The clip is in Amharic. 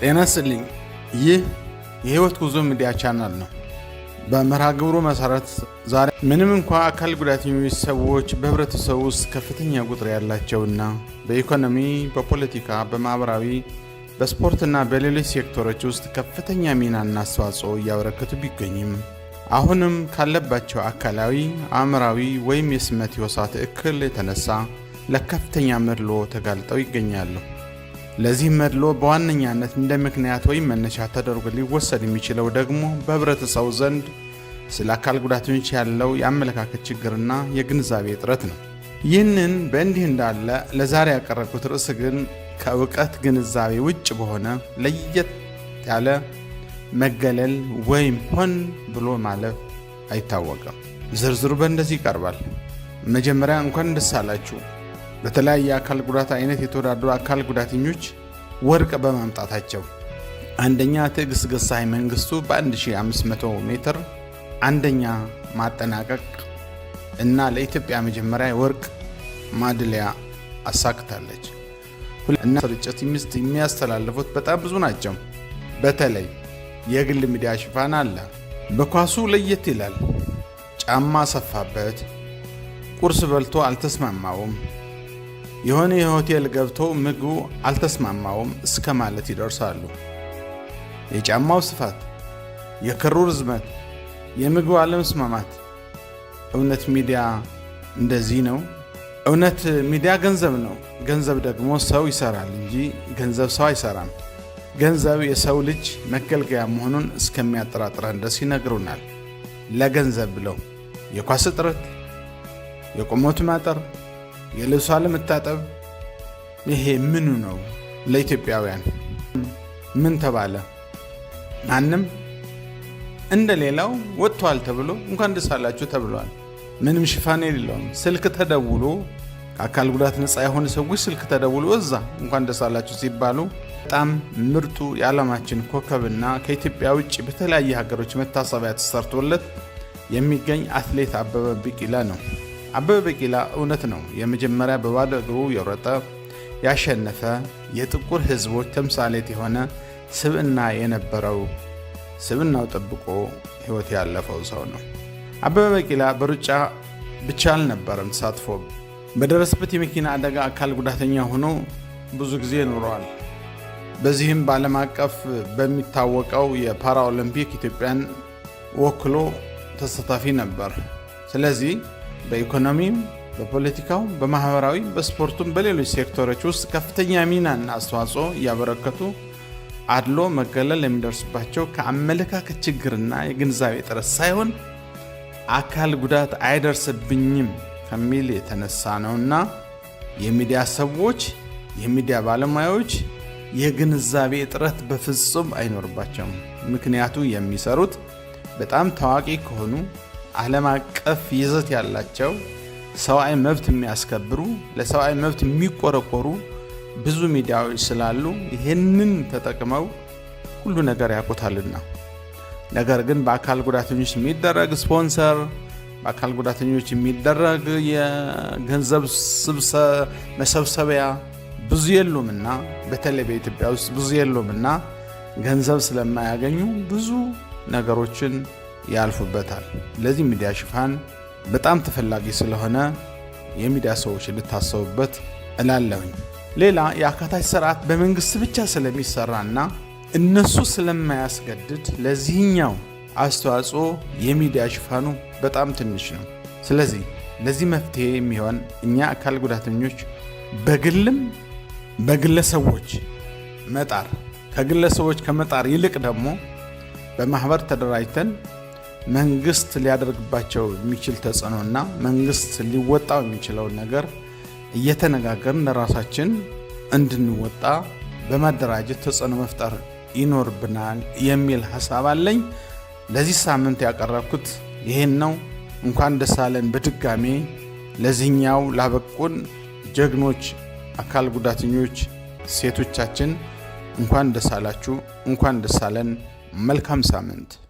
ጤና ስልኝ። ይህ የህይወት ጉዞ ሚዲያ ቻናል ነው። በመርሃ ግብሩ መሰረት ዛሬ ምንም እንኳ አካል ጉዳተኞች ሰዎች በህብረተሰቡ ውስጥ ከፍተኛ ቁጥር ያላቸውና በኢኮኖሚ፣ በፖለቲካ፣ በማህበራዊ በስፖርትና በሌሎች ሴክተሮች ውስጥ ከፍተኛ ሚናና አስተዋጽኦ እያበረከቱ ቢገኝም አሁንም ካለባቸው አካላዊ፣ አእምራዊ ወይም የስመት ሕዋሳት እክል የተነሳ ለከፍተኛ መድሎ ተጋልጠው ይገኛሉ። ለዚህም መድሎ በዋነኛነት እንደ ምክንያት ወይም መነሻ ተደርጎ ሊወሰድ የሚችለው ደግሞ በህብረተሰቡ ዘንድ ስለ አካል ጉዳተኞች ያለው የአመለካከት ችግርና የግንዛቤ እጥረት ነው። ይህንን በእንዲህ እንዳለ ለዛሬ ያቀረብኩት ርዕስ ግን ከእውቀት ግንዛቤ ውጭ በሆነ ለየት ያለ መገለል ወይም ሆን ብሎ ማለፍ አይታወቅም። ዝርዝሩ በእንደዚህ ይቀርባል። መጀመሪያ እንኳን ደስ አላችሁ በተለያየ የአካል ጉዳት አይነት የተወዳደሩ አካል ጉዳተኞች ወርቅ በማምጣታቸው አንደኛ ትዕግስት ገሳይ መንግስቱ በ1500 ሜትር አንደኛ ማጠናቀቅ እና ለኢትዮጵያ መጀመሪያ የወርቅ ማድሊያ አሳክታለች። እና ስርጭት ሚስት የሚያስተላልፉት በጣም ብዙ ናቸው። በተለይ የግል ሚዲያ ሽፋን አለ። በኳሱ ለየት ይላል። ጫማ ሰፋበት፣ ቁርስ በልቶ አልተስማማውም። የሆነ የሆቴል ገብቶ ምግቡ አልተስማማውም እስከ ማለት ይደርሳሉ። የጫማው ስፋት፣ የክሩ ርዝመት፣ የምግቡ አለመስማማት። እውነት ሚዲያ እንደዚህ ነው? እውነት ሚዲያ ገንዘብ ነው። ገንዘብ ደግሞ ሰው ይሰራል እንጂ ገንዘብ ሰው አይሰራም። ገንዘብ የሰው ልጅ መገልገያ መሆኑን እስከሚያጠራጥረን ድረስ ይነግሩናል። ለገንዘብ ብለው የኳስ እጥረት፣ የቁመት ማጠር የልብሷ አለመታጠብ ይሄ ምኑ ነው? ለኢትዮጵያውያን ምን ተባለ? ማንም እንደ ሌላው ወጥቷል ተብሎ እንኳን ደሳላችሁ ተብሏል። ምንም ሽፋን የሌለውም ስልክ ተደውሎ ከአካል ጉዳት ነፃ የሆኑ ሰዎች ስልክ ተደውሎ እዛ እንኳን ደሳላችሁ ሲባሉ በጣም ምርጡ የዓለማችን ኮከብና ከኢትዮጵያ ውጭ በተለያየ ሀገሮች መታሰቢያ ተሰርቶለት የሚገኝ አትሌት አበበ ቢቂላ ነው። አበበ ቢቂላ እውነት ነው የመጀመሪያ በባዶ እግሩ የሮጠ ያሸነፈ የጥቁር ሕዝቦች ተምሳሌት የሆነ ስብዕና የነበረው ስብዕናው ጠብቆ ሕይወት ያለፈው ሰው ነው። አበበ ቢቂላ በሩጫ ብቻ አልነበረም ተሳትፎ በደረሰበት የመኪና አደጋ አካል ጉዳተኛ ሆኖ ብዙ ጊዜ ኖረዋል። በዚህም በዓለም አቀፍ በሚታወቀው የፓራ ኦሎምፒክ ኢትዮጵያን ወክሎ ተሳታፊ ነበር። ስለዚህ በኢኮኖሚም በፖለቲካው በማህበራዊ በስፖርቱም በሌሎች ሴክተሮች ውስጥ ከፍተኛ ሚናና አስተዋጽኦ እያበረከቱ አድሎ መገለል የሚደርስባቸው ከአመለካከት ችግርና የግንዛቤ ጥረት ሳይሆን አካል ጉዳት አይደርስብኝም ከሚል የተነሳ ነውና የሚዲያ ሰዎች የሚዲያ ባለሙያዎች የግንዛቤ እጥረት በፍጹም አይኖርባቸውም። ምክንያቱ የሚሰሩት በጣም ታዋቂ ከሆኑ ዓለም አቀፍ ይዘት ያላቸው ሰብአዊ መብት የሚያስከብሩ ለሰብአዊ መብት የሚቆረቆሩ ብዙ ሚዲያዎች ስላሉ ይህንን ተጠቅመው ሁሉ ነገር ያውቁታልና። ነገር ግን በአካል ጉዳተኞች የሚደረግ ስፖንሰር፣ በአካል ጉዳተኞች የሚደረግ የገንዘብ መሰብሰቢያ ብዙ የሉምና፣ በተለይ በኢትዮጵያ ውስጥ ብዙ የሉምና ገንዘብ ስለማያገኙ ብዙ ነገሮችን ያልፉበታል። ለዚህ ሚዲያ ሽፋን በጣም ተፈላጊ ስለሆነ የሚዲያ ሰዎች እንድታሰቡበት እላለሁኝ። ሌላ የአካታች ስርዓት በመንግስት ብቻ ስለሚሰራና እነሱ ስለማያስገድድ ለዚህኛው አስተዋጽኦ የሚዲያ ሽፋኑ በጣም ትንሽ ነው። ስለዚህ ለዚህ መፍትሄ የሚሆን እኛ አካል ጉዳተኞች በግልም በግለሰቦች መጣር ከግለሰቦች ከመጣር ይልቅ ደግሞ በማህበር ተደራጅተን መንግስት ሊያደርግባቸው የሚችል ተጽዕኖና መንግስት ሊወጣው የሚችለውን ነገር እየተነጋገርን ለራሳችን እንድንወጣ በማደራጀት ተጽዕኖ መፍጠር ይኖርብናል የሚል ሀሳብ አለኝ። ለዚህ ሳምንት ያቀረብኩት ይህን ነው። እንኳን ደስ አለን በድጋሜ ለዚህኛው ላበቁን ጀግኖች አካል ጉዳተኞች ሴቶቻችን እንኳን ደስ አላችሁ፣ እንኳን ደስ አለን። መልካም ሳምንት